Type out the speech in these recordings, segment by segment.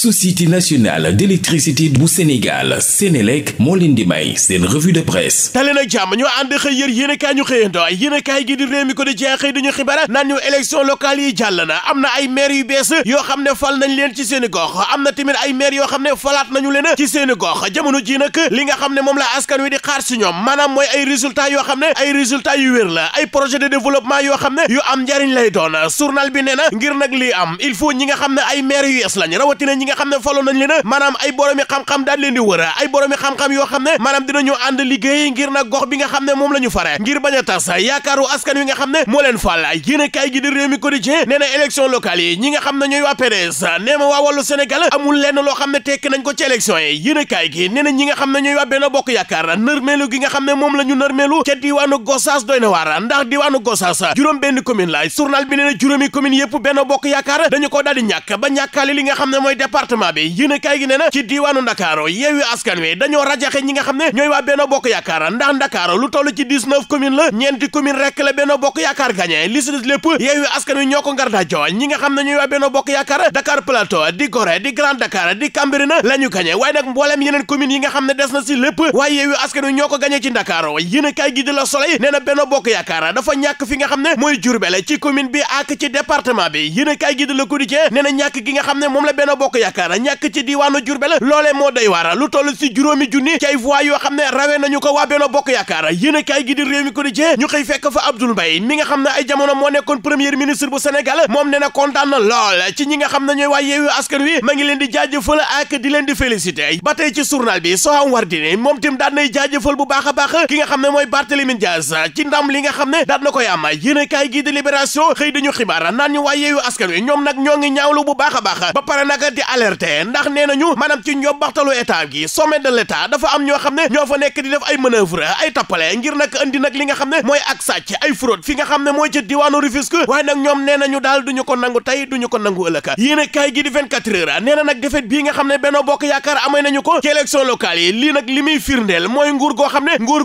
société nationale d'électricité bu Sénégal Sénélec moo leen di may seen revue de presse tale na jàmm ñu ànd xëy yër yéen a ñu xëyando yéen gi di réew mi ko di jeex xëy dañu xibaar naan ñu élection locale yi jàll na am na ay maire yu bees yoo xam ne fal nañ leen ci seeni gox am na tamit ay maire yoo xam ne falaat nañu leen ci seeni gox jamono ji nag li nga xam ne moom la askan wi di xaar si ñoom manaam mooy ay résultats yoo xam ne ay résultats yu wér la ay projet de développement yoo xam ne yu am njariñ lay doon journal bi nee na ngir nag lii am nga xam ne ay maire yu nga xam ne faloon nañ leen maanaam ay boroomi xam-xam daal leen di wër ay boroomi xam-xam yoo xam ne maanaam dinañu ànd liggéey ngir na gox bi nga xam ne moom la ñu fare ngir bañ a tas yaakaaru askan wi nga xam ne moo leen fal yéen a kaay gi di réew mi quotidien nee na élection locale yi ñi nga xam ne ñooy waa PDS nee waa wàllu Sénégal amul lenn loo xam ne tekk nañ ko ci élection yi yéen a gi nee ñi nga xam ne ñooy waa benn bokk yaakaar nërmeelu gi nga xam n moom la ñu nërmeelu ca diwaanu Gossas doy na waar ndax diwaanu nga xam ne mooy département bi yéen a kaay gi nee na ci diiwaanu ndakaaro yeewi askan wi dañoo rajaxe ñi nga xam ne ñooy waa Benno Bokk Yaakaar ndax ndakaaro lu toll ci 19 communes la ñeenti commune rek la Benno Bokk Yaakaar gagné li si des lépp yeewi askan wi ñoo ko ngar dajoo ñi nga xam ne ñooy waa Benno Bokk Yaakaar Dakar Plateau di Gorée di Grand Dakar di Cambérène la ñu gagné waaye nag mbooleem yeneen communes yi nga xam ne des na si lépp waaye yeewi askan wi ñoo ko gagné ci ndakaaro yéen a kaay gi di la Soleil nee na Benno Bokk Yaakaar dafa ñàkk fi nga xam ne mooy Jurbel ci commune bi ak ci département bi yéen a kaay gi di la Quotidien nee na ñàkk gi nga xam ne moom la Benno Bokk Yaakaar yaakaar ñàkk ci diiwaanu Jurbel loole moo doy waar lu toll si juróomi junni ci ay voix xam ne rawee nañu ko waa Benno Bokk Yaakaar yéen a kaay gi di di jee ñu xëy fekk fa Abdoul Mbaye mi nga xam ne ay jamono moo nekkoon premier ministre bu Sénégal moom ne na kontaan na ci ñi nga xam ne ñooy waa Yewwi Askan Wi ma ngi leen di jaajëfal ak di leen di féliciter ba tey ci journal bi Soham Wardini moom tim daan nay jaajëfal bu baax a baax ki xam ne mooy Barthélémy Dias ci ndam li nga ne daan a kaay gi di Libération xëy dañu xibaar naan ñu bu a alerté ndax nee nañu maanaam ci njobbaxtalu état gi sommet de l'état dafa am ñoo xam ne ñoo fa nekk di def ay manœuvre ay tappale ngir nag andi nag li nga xam ne mooy ak sàcc ay fraude fi nga xam ne mooy ci diwaanu Rufisque waaye nag ñoom nee nañu daal duñu ko nangu tey duñu ko nangu ëllëg yéen kaay gi di 24 heures nee nag defet bii nga xam ne Benno Bokk Yaakaar amee nañu ko ci élection yi lii nag li muy firndeel mooy nguur goo xam ne nguur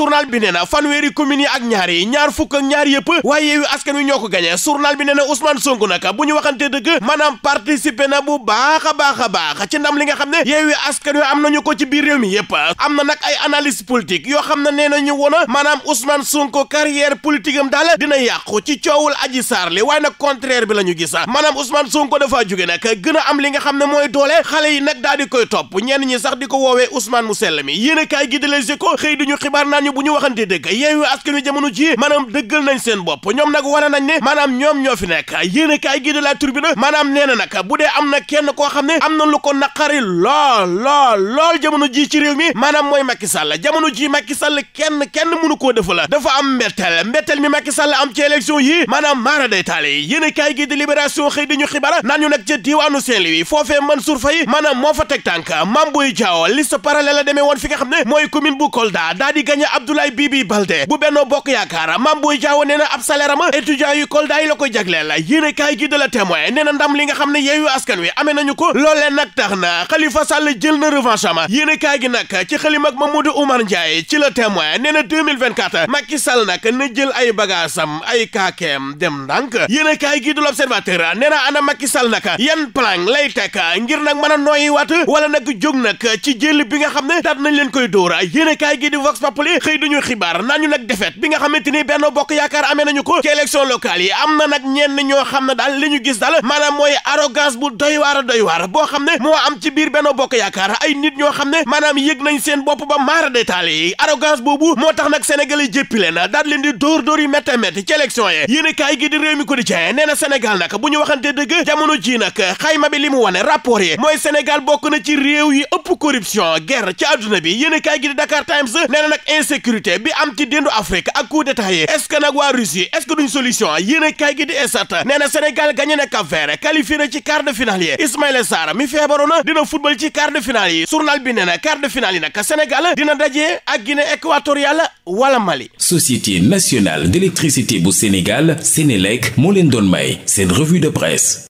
journal bi nee na fanweeri communes yi ak ñaar yi ñaar fukk ak ñaar yëpp waaye yeewi askan wi ñoo ko gañe journal bi nee na Ousmane Sonko naka bu ñu waxante dëgg maanaam participer na bu baax a baax a baax ci ndam li nga xam ne yeewi askan wi am nañu ko ci biir réew mi yëpp am na nag ay analyse politique yoo xam ne nee nañu woon maanaam Ousmane Sonko carrière politique am daal dina yàqu ci coowul Adji Sarr waaye nag contraire bi la ñu gis maanaam Ousmane Sonko dafa jóge nag gën a am li nga a ji bu ñu waxante dëgg yeewu askan wi jamono ji maanaam dëggal nañ seen bopp ñoom nag wane nañ ne maanaam ñoom ñoo fi nekk yéen a kaay gii de la turbine maanaam nee na nag bu dee am na kenn koo xam ne am na lu ko naqari lool lool lool jamono ji ci réew mi maanaam mooy Macky Sall jamono ji Macky Sall kenn kenn mënu koo defa la dafa am mbetteel mbetteel mi Macky Sall am ci élection yi maanaam maara taale yéen a kaay gii de libération xëy di ñu xibaar naan ñu nag ca diwaanu Saint-Louis foofee Mansour Faye maanaam moo fa teg tànk Mame Abdoulaye Bibi Baldé bu Benno Bokk Yaakaar Mame Boye Diao nee na ab salaire am étudiant yu Kolda yi la koy jagleel yéene kaay gi de la témoin nee na ndam li nga xam ne yeeyu askan wi amee nañu ko loolee nag tax na Khalifa Sall jël na revanche am yéene kaay gi nag ci xalim ak Mamadou Oumar Ndiaye ci la témoin nee na 2024 Macky Sall nag na jël ay bagaasam ay kaakeem dem ndànk yéene kaay gi de l'Observateur nee na ana Macky Sall nag yan plan lay teg ngir nag mën a nooyi waat wala nag jóg nag ci jël bi nga xam ne daat nañ leen koy kaay gi di Vox xëy duñu xibaar nañu nag defet bi nga xamante ni benn bokk yaakaar amee nañu ko ci élection locale yi am na nag ñenn ñoo xam ne daal li ñu gis daal maanaam mooy arrogance bu doy waar a doy waar boo xam ne moo am ci biir benn bokk yaakaar ay nit ñoo xam ne maanaam yëg nañ seen bopp ba maara détaal yi arrogance boobu moo tax nag Sénégal yi jéppi leen daal leen di dóor dóor yi métte métte ci élection yi yéen kaay gi di réew mi ko di li mu wane rapport yi mooy Sénégal bokk na ci réew yi ëpp corruption guerre ci àdduna bi yéen kaay gi di Dakar insécurité bi am ci déndu Afrique ak coup d'état yi est-ce que nag waa Russie est-ce que duñ solution yéen a kaay gi di na Sénégal gagné na na ci quart de finale yi Ismaïla Sarr mi feebaroona dina football ci quart de finale yi bi nee na quart de finale yi nag dina daje ak Guinée équatoriale wala Mali. Société nationale d'électricité bu Sénégal Sénélec moo leen doon may seen revue de presse.